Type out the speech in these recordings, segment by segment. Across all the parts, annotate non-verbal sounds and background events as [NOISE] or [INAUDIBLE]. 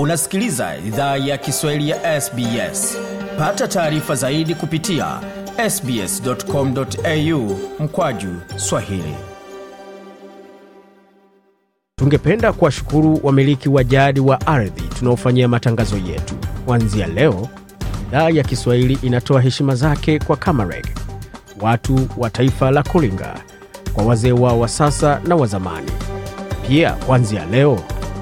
unasikiliza idhaa ya kiswahili ya sbs pata taarifa zaidi kupitia sbscomau mkwaju swahili tungependa kuwashukuru wamiliki wa jadi wa ardhi tunaofanyia matangazo yetu kwanzia leo idhaa ya kiswahili inatoa heshima zake kwa kamareg watu wa taifa la kulinga kwa wazee wao wa sasa na wazamani pia kwanzia leo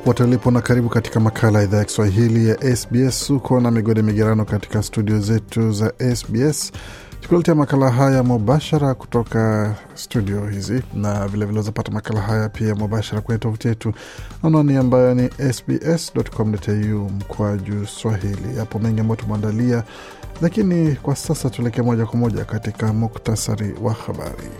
popote ulipo na karibu katika makala ya idhaa ya Kiswahili ya SBS. Uko na migode migerano katika studio zetu za SBS tukuletea makala haya mubashara kutoka studio hizi, na vilevile wazapata makala haya pia mubashara kwenye tovuti yetu anwani ambayo ni sbs.com.au mkwaju swahili. Yapo mengi ambayo tumeandalia, lakini kwa sasa tuelekee moja kwa moja katika muktasari wa habari.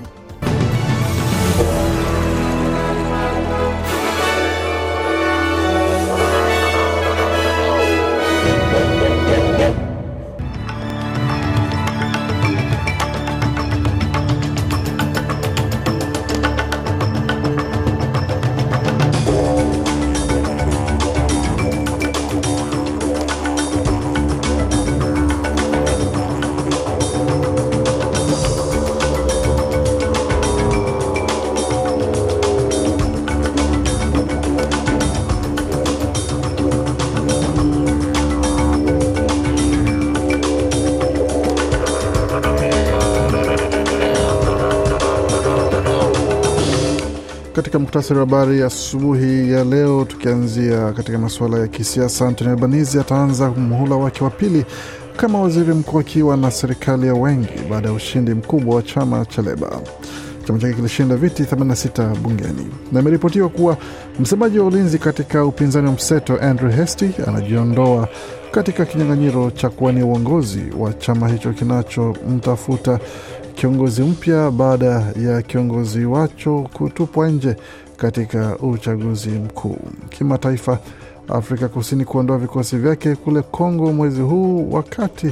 muktasari wa habari asubuhi ya, leo, tukianzia katika masuala ya kisiasa. antoni Albanizi ataanza muhula wake wa pili kama waziri mkuu akiwa na serikali ya wengi baada ya ushindi mkubwa wa chama cha Leba. Chama chake kilishinda viti 86 bungeni, na imeripotiwa kuwa msemaji wa ulinzi katika upinzani wa mseto Andrew Hastie anajiondoa katika kinyang'anyiro cha kuwania uongozi wa chama hicho kinachomtafuta kiongozi mpya baada ya kiongozi wacho kutupwa nje katika uchaguzi mkuu. Kimataifa, Afrika Kusini kuondoa vikosi vyake kule Kongo mwezi huu, wakati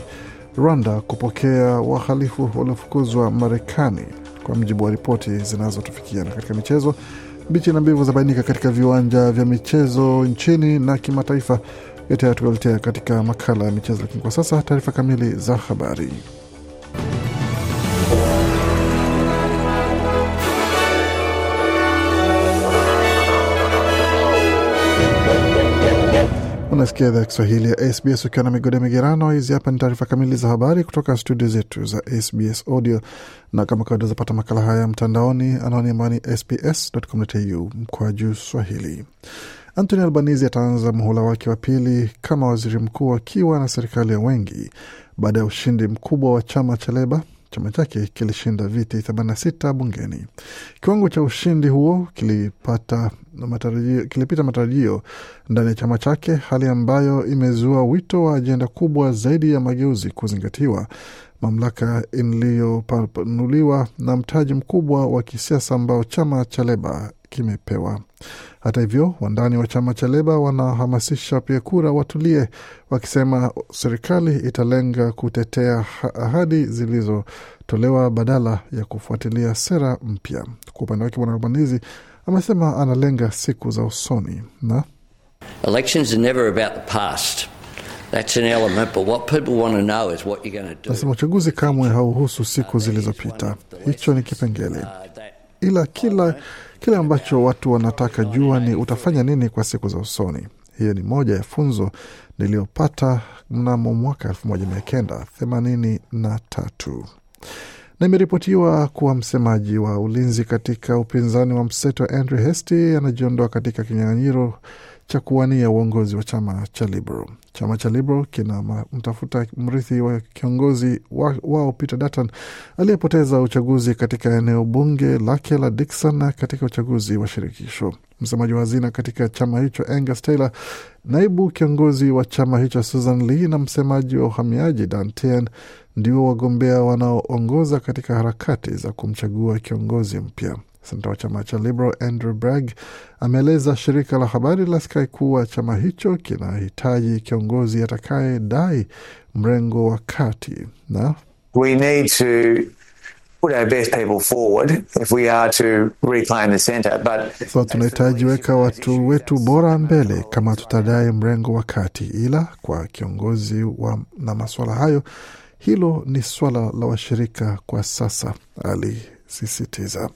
Rwanda kupokea wahalifu waliofukuzwa Marekani, kwa mjibu wa ripoti zinazotufikia. Na katika michezo, bichi na mbivu zabainika katika viwanja vya michezo nchini na kimataifa. Yote hatukuletea katika makala ya michezo, lakini kwa sasa taarifa kamili za habari. Unasikia idhaa Kiswahili ya SBS ukiwa na migode migerano. Hizi hapa ni taarifa kamili za habari kutoka studio zetu za SBS Audio, na kama kawaida zapata makala haya mtandaoni, anaoni ambayo ni sbs.com.au mkoa juu Swahili. Anthony Albanese ataanza muhula wake wa pili kama waziri mkuu akiwa na serikali ya wengi baada ya ushindi mkubwa wa chama cha Leba chama chake kilishinda viti 86 bungeni. Kiwango cha ushindi huo kilipata matarajio, kilipita matarajio ndani ya chama chake, hali ambayo imezua wito wa ajenda kubwa zaidi ya mageuzi kuzingatiwa, mamlaka iliyopanuliwa na mtaji mkubwa wa kisiasa ambao chama cha Leba kimepewa. Hata hivyo, wandani wa chama cha Leba wanahamasisha pia kura watulie, wakisema serikali italenga kutetea ahadi zilizotolewa badala ya kufuatilia sera mpya. Kwa upande wake, bwana Albanizi amesema analenga siku za usoni na Nasema uchaguzi kamwe hauhusu siku zilizopita. Hicho ni kipengele ila kila kile ambacho watu wanataka jua ni utafanya nini kwa siku za usoni. Hiyo ni moja ya funzo niliyopata mnamo mwaka kenda themanini na imeripotiwa kuwa msemaji wa ulinzi katika upinzani wa mseto Andrew Hastie anajiondoa katika kinyang'anyiro cha kuwania uongozi wa chama cha Liberal. Chama cha Liberal kinamtafuta mrithi wa kiongozi wao wa Peter Dutton aliyepoteza uchaguzi katika eneo bunge lake la dixon katika uchaguzi wa shirikisho. Msemaji wa hazina katika chama hicho Angus Taylor, naibu kiongozi wa chama hicho Susan Lee na msemaji wa uhamiaji Dan Tehan ndio wagombea wanaoongoza katika harakati za kumchagua kiongozi mpya. Senata wa chama cha Liberal Andrew Bragg ameeleza shirika la habari la Sky kuwa chama hicho kinahitaji kiongozi atakayedai mrengo wa kati na We need to so tunahitaji weka watu wetu bora mbele kama tutadai mrengo wa kati, ila kwa kiongozi wa na masuala hayo, hilo ni swala la washirika kwa sasa, alisisitiza.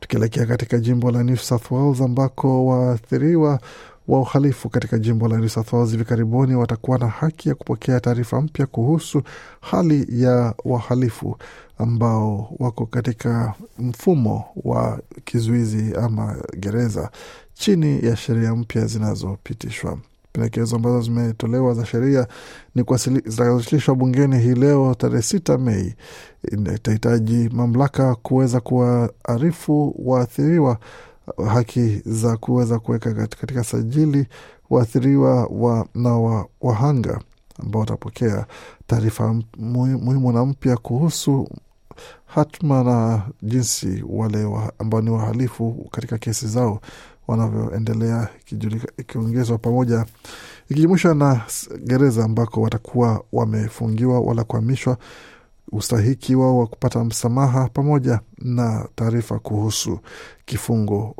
Tukielekea katika jimbo la New South Wales ambako waathiriwa wa uhalifu katika jimbo la New South Wales hivi karibuni watakuwa na haki ya kupokea taarifa mpya kuhusu hali ya wahalifu ambao wako katika mfumo wa kizuizi ama gereza chini ya sheria mpya zinazopitishwa. Pendekezo ambazo zimetolewa za sheria ni zitawasilishwa bungeni hii leo tarehe sita Mei itahitaji mamlaka kuweza kuwaarifu waathiriwa haki za kuweza kuweka katika sajili waathiriwa wa, na wa, wahanga ambao watapokea taarifa muhimu na mpya kuhusu hatma na jinsi wale wa, ambao ni wahalifu katika kesi zao wanavyoendelea ikiongezwa pamoja ikijumuishwa na gereza ambako watakuwa wamefungiwa wala kuhamishwa, ustahiki wao wa kupata msamaha, pamoja na taarifa kuhusu kifungo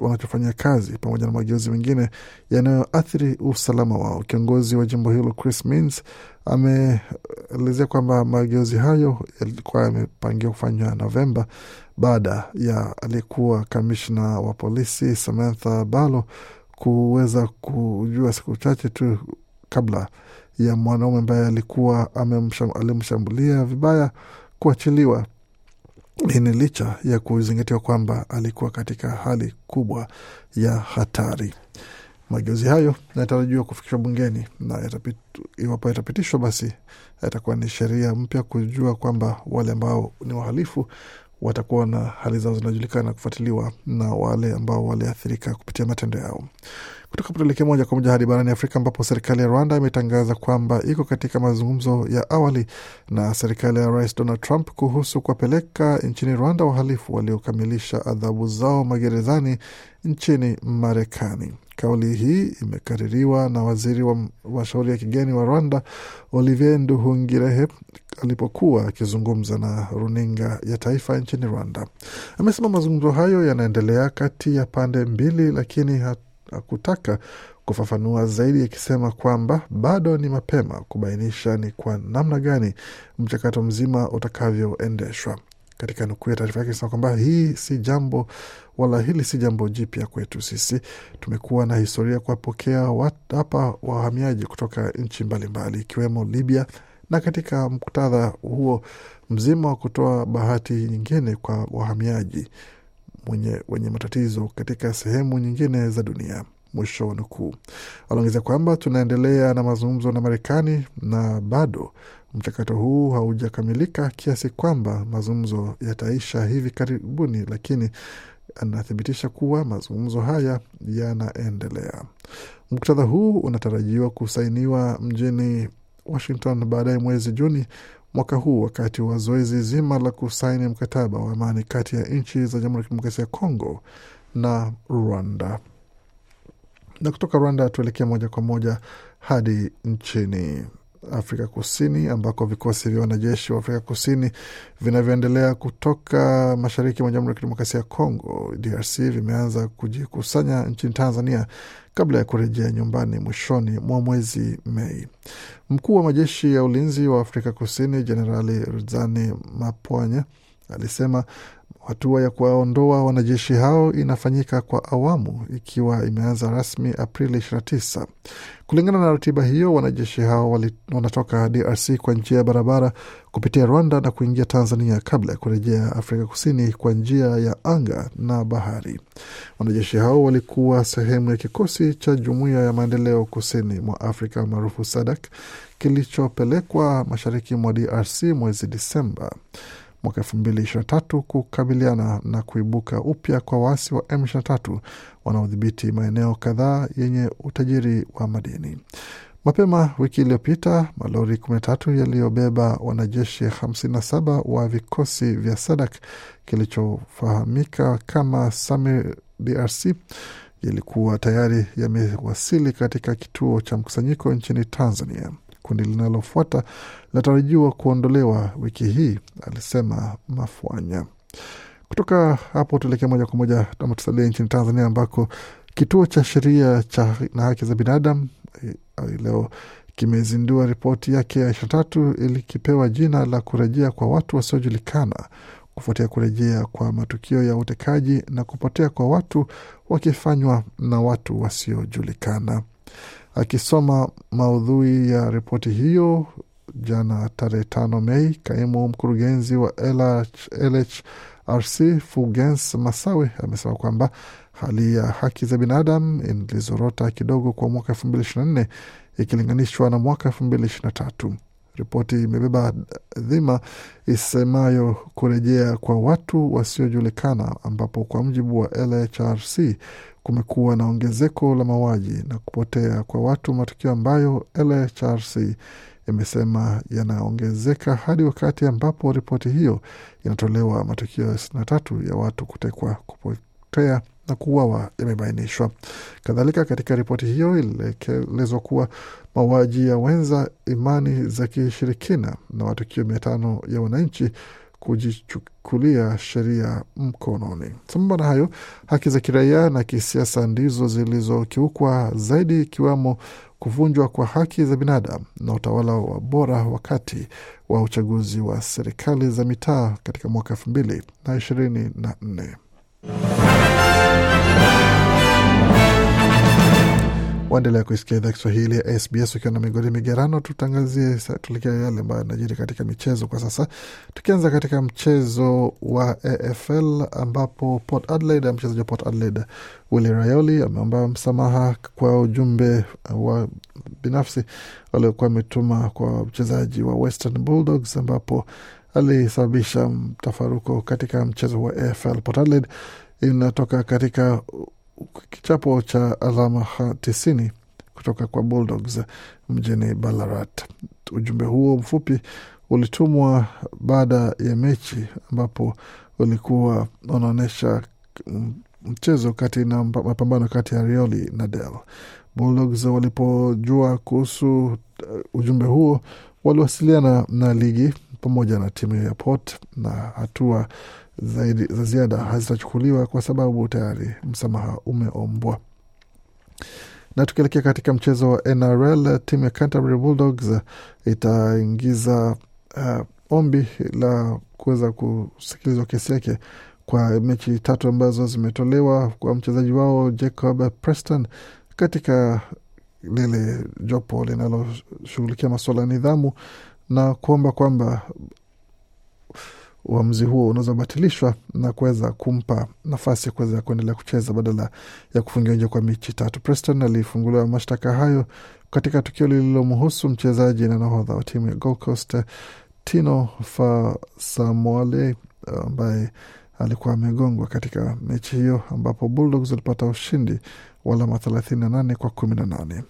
wanachofanyia kazi, pamoja na mageuzi mengine yanayoathiri usalama wao. Kiongozi wa jimbo hilo Chris Minns ameelezea kwamba mageuzi hayo yalikuwa yamepangiwa kufanywa Novemba, baada ya aliyekuwa kamishna wa polisi Samantha Balo kuweza kujua siku chache tu kabla ya mwanaume ambaye alikuwa alimshambulia vibaya kuachiliwa. Hii ni licha ya kuzingatiwa kwamba alikuwa katika hali kubwa ya hatari. Mageuzi hayo yanatarajiwa kufikishwa bungeni na iwapo yatapitishwa, basi yatakuwa ni sheria mpya kujua kwamba wale ambao ni wahalifu watakuwa na hali zao zinajulikana, kufuatiliwa na wale ambao waliathirika kupitia matendo yao. Kutoka tuelekee moja kwa moja hadi barani Afrika ambapo serikali ya Rwanda imetangaza kwamba iko katika mazungumzo ya awali na serikali ya Rais Donald Trump kuhusu kuwapeleka nchini Rwanda wahalifu waliokamilisha adhabu zao magerezani nchini Marekani. Kauli hii imekaririwa na waziri wa mashauri ya kigeni wa Rwanda Olivier Nduhungirehe alipokuwa akizungumza na runinga ya taifa nchini Rwanda. Amesema mazungumzo hayo yanaendelea kati ya pande mbili, lakini hakutaka kufafanua zaidi, akisema kwamba bado ni mapema kubainisha ni kwa namna gani mchakato mzima utakavyoendeshwa. Katika nukuu ya taarifa yake sema kwamba hii si jambo wala hili si jambo jipya kwetu sisi. Tumekuwa na historia kuwapokea hapa wahamiaji kutoka nchi mbalimbali ikiwemo Libya, na katika muktadha huo mzima wa kutoa bahati nyingine kwa wahamiaji mwenye, wenye matatizo katika sehemu nyingine za dunia. Mwisho wa nukuu. Aliongeza kwamba tunaendelea na mazungumzo na Marekani na bado mchakato huu haujakamilika kiasi kwamba mazungumzo yataisha hivi karibuni, lakini anathibitisha kuwa mazungumzo haya yanaendelea. Muktadha huu unatarajiwa kusainiwa mjini Washington baadaye mwezi Juni mwaka huu wakati wa zoezi zima la kusaini mkataba wa amani kati ya nchi za Jamhuri ya Kidemokrasia ya Kongo na Rwanda. Na kutoka Rwanda tuelekea moja kwa moja hadi nchini Afrika Kusini, ambako vikosi vya wanajeshi wa Afrika Kusini vinavyoendelea kutoka mashariki mwa Jamhuri ya Kidemokrasia ya Kongo, DRC, vimeanza kujikusanya nchini Tanzania kabla ya kurejea nyumbani mwishoni mwa mwezi Mei. Mkuu wa majeshi ya ulinzi wa Afrika Kusini Jenerali Rudzani Mapwanya alisema Hatua ya kuwaondoa wanajeshi hao inafanyika kwa awamu, ikiwa imeanza rasmi Aprili 29. Kulingana na ratiba hiyo, wanajeshi hao wali, wanatoka DRC kwa njia ya barabara kupitia Rwanda na kuingia Tanzania kabla ya kurejea Afrika Kusini kwa njia ya anga na bahari. Wanajeshi hao walikuwa sehemu ya kikosi cha Jumuiya ya Maendeleo Kusini mwa Afrika maarufu SADC kilichopelekwa mashariki mwa DRC mwezi Disemba mwaka tatu kukabiliana na kuibuka upya kwa waasi wa M23 wanaodhibiti maeneo kadhaa yenye utajiri wa madini. Mapema wiki iliyopita malori 13 yaliyobeba wanajeshi 57 wa vikosi vya SADAK kilichofahamika kama Samir DRC yalikuwa tayari yamewasili katika kituo cha mkusanyiko nchini Tanzania. Kundi linalofuata linatarajiwa kuondolewa wiki hii, alisema Mafwanya. Kutoka hapo tuelekee moja kwa moja ama tusalie nchini Tanzania ambako kituo cha sheria cha na haki za binadamu eh, eh, leo kimezindua ripoti yake ya ishirini tatu ilikipewa jina la kurejea kwa watu wasiojulikana kufuatia kurejea kwa matukio ya utekaji na kupotea kwa watu wakifanywa na watu wasiojulikana. Akisoma maudhui ya ripoti hiyo jana tarehe tano Mei, kaimu mkurugenzi wa LHRC fugens Masawe amesema kwamba hali ya haki za binadamu ilizorota kidogo kwa mwaka elfu mbili ishirini na nne ikilinganishwa na mwaka elfu mbili ishirini na tatu. Ripoti imebeba dhima isemayo kurejea kwa watu wasiojulikana, ambapo kwa mjibu wa LHRC kumekuwa na ongezeko la mauaji na kupotea kwa watu, matukio ambayo LHRC imesema yanaongezeka hadi wakati ambapo ripoti hiyo inatolewa. Matukio tatu ya watu kutekwa, kupotea na kuuawa yamebainishwa. Kadhalika, katika ripoti hiyo ilielezwa kuwa mauaji ya wenza imani za kishirikina na matukio mia tano ya wananchi kujichukulia sheria mkononi. Sambamba na hayo, haki za kiraia na kisiasa ndizo zilizokiukwa zaidi, ikiwemo kuvunjwa kwa haki za binadamu na utawala wa bora wakati wa uchaguzi wa serikali za mitaa katika mwaka elfu mbili na ishirini na nne. Waendelea kuisikia idhaa Kiswahili ya SBS ukiwa na migodi migerano. Tutangazie tulikia yale ambayo yanajiri katika michezo kwa sasa, tukianza katika mchezo wa AFL ambapo Port Adelaide, mchezaji wa Port Adelaide Willie Rioli ameomba msamaha kwa ujumbe wa binafsi waliokuwa ametuma kwa mchezaji wa Western Bulldogs ambapo alisababisha mtafaruko katika mchezo wa AFL. Port Adelaide inatoka katika kichapo cha alama tisini kutoka kwa Bulldogs mjini Ballarat. Ujumbe huo mfupi ulitumwa baada ya mechi ambapo ulikuwa unaonyesha mchezo kati na mapambano kati ya Rioli na Del. Bulldogs walipojua kuhusu uh, ujumbe huo waliwasiliana na ligi pamoja na timu ya Port na hatua zaidi za ziada hazitachukuliwa kwa sababu tayari msamaha umeombwa. Na tukielekea katika mchezo wa NRL, timu ya Canterbury Bulldogs itaingiza uh, ombi la kuweza kusikilizwa kesi yake kwa mechi tatu ambazo zimetolewa kwa mchezaji wao Jacob Preston katika lile jopo linaloshughulikia masuala ya nidhamu na kuomba kwamba uamuzi huo unaweza batilishwa na kuweza kumpa nafasi ya kuweza kuendelea kucheza badala ya kufungiwa nje kwa mechi tatu. Preston alifunguliwa mashtaka hayo katika tukio lililomhusu mchezaji na nahodha wa timu ya Gold Coast Tino Fasamuale ambaye alikuwa amegongwa katika mechi hiyo ambapo Bulldogs walipata ushindi wa alama 38 kwa 18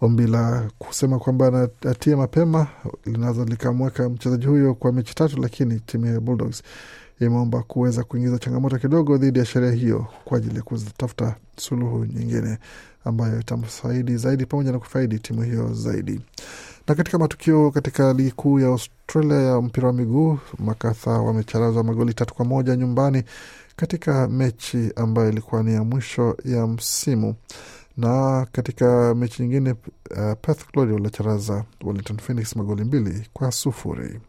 ombi la kusema kwamba anatia mapema linaweza likamweka mchezaji huyo kwa mechi tatu, lakini timu ya Bulldogs imeomba kuweza kuingiza changamoto kidogo dhidi ya sheria hiyo kwa ajili ya kutafuta suluhu nyingine ambayo itamfaidi zaidi pamoja na kufaidi timu hiyo zaidi. Na katika matukio katika ligi kuu ya Australia ya mpira wa miguu, Makatha wamecharazwa magoli tatu kwa moja nyumbani katika mechi ambayo ilikuwa ni ya mwisho ya msimu na katika mechi nyingine uh, Perth Glory walicharaza Wellington Phoenix magoli mbili kwa sufuri.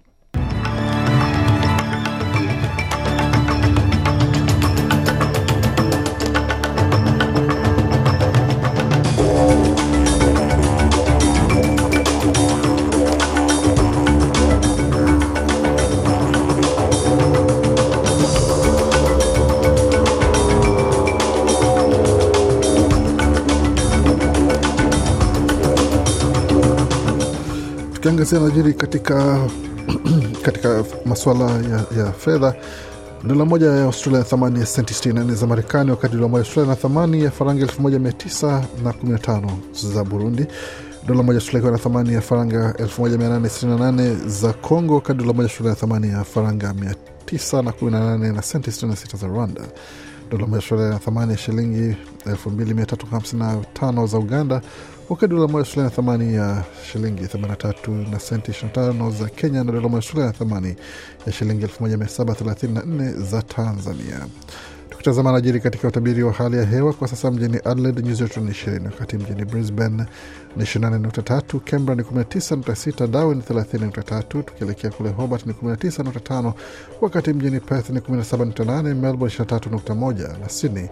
tukiangazia najiri katika [CLEARS THROAT] katika masuala ya, ya fedha dola moja ya australia na thamani ya senti 64 za marekani wakati dola moja ya australia na thamani ya faranga 1915 za burundi dola moja australia ikiwa na thamani ya faranga 1868 za congo wakati dola moja australia na thamani ya faranga 918 na senti 66 za rwanda dola moja australia na thamani ya shilingi 2355 za uganda wakati dola moja Australia na thamani ya shilingi 83 na senti 25 za Kenya na dola moja Australia na thamani ya shilingi 1734 za Tanzania. Kutazama najiri katika utabiri wa hali ya hewa kwa sasa, mjini Adelaide nyuzi joto ni 20, wakati mjini Brisbane ni 28.3, Canberra ni 19.6, Darwin ni 30.3, tukielekea kule Hobart ni 19.5, wakati mjini Perth ni 17.8, Melbourne 23.1 na Sydney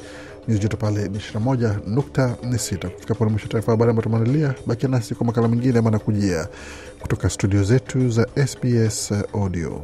nyuzi joto pale ni 21.6. Kufika pone mwisho taarifa habari ambayo tumeandalia, bakia nasi kwa makala mengine manakujia kutoka studio zetu za SBS Audio.